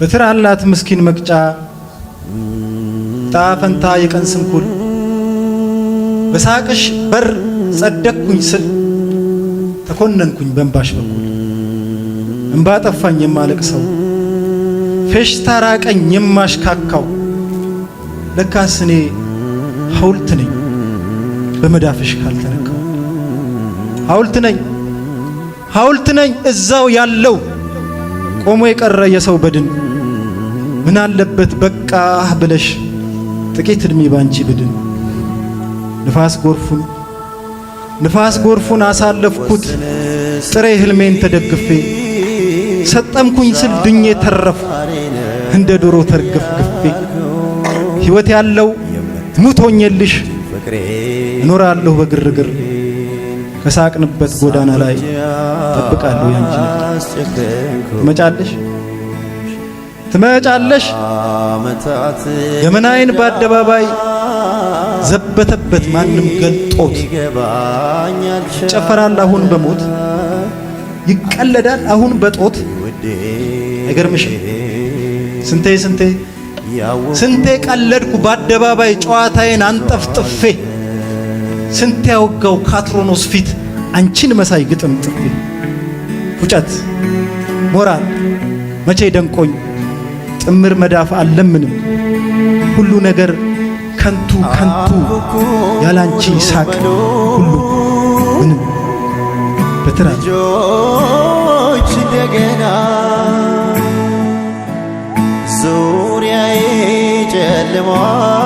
በትር አላት ምስኪን መቅጫ ጣፈንታ የቀን ስንኩል በሳቅሽ በር ጸደቅኩኝ ስል ተኮነንኩኝ በእንባሽ በኩል እንባ ጠፋኝ የማለቅ ሰው ፌሽታ ራቀኝ የማሽካካው ለካስ እኔ ሐውልት ነኝ በመዳፍሽ ካልተነካው ሐውልት ነኝ ሐውልት ነኝ እዛው ያለው ቆሞ የቀረ የሰው በድን ምን አለበት በቃ ብለሽ ጥቂት እድሜ ባንቺ ብድን። ንፋስ ጎርፉን ንፋስ ጎርፉን አሳለፍኩት ጥሬ ህልሜን ተደግፌ ሰጠምኩኝ ስል ድኜ ተረፍኩ እንደ ዶሮ ተርገፍግፌ ሕይወት ያለው ሙቶኝልሽ እኖራለሁ በግርግር ከሳቅንበት ጎዳና ላይ ጠብቃለሁ ያንቺ መጫለሽ ትመጫለሽ የምናይን በአደባባይ ዘበተበት ማንም ገልጦት ይጨፈራል አሁን በሞት ይቀለዳል አሁን በጦት አይገርምሽ ስንቴ ስንቴ ስንቴ ቀለድኩ በአደባባይ ጨዋታዬን አንጠፍጥፌ ስንቴ ያወጋው ካትሮኖስ ፊት አንቺን መሳይ ግጥም ጥፌ ፉጨት ሞራል መቼ ደንቆኝ ጥምር መዳፍ አለምንም ሁሉ ነገር ከንቱ ከንቱ ያላንቺ ይሳቅ ሁሉ ምንም በትራ እንደገና ዙሪያዬ ጨልሟል።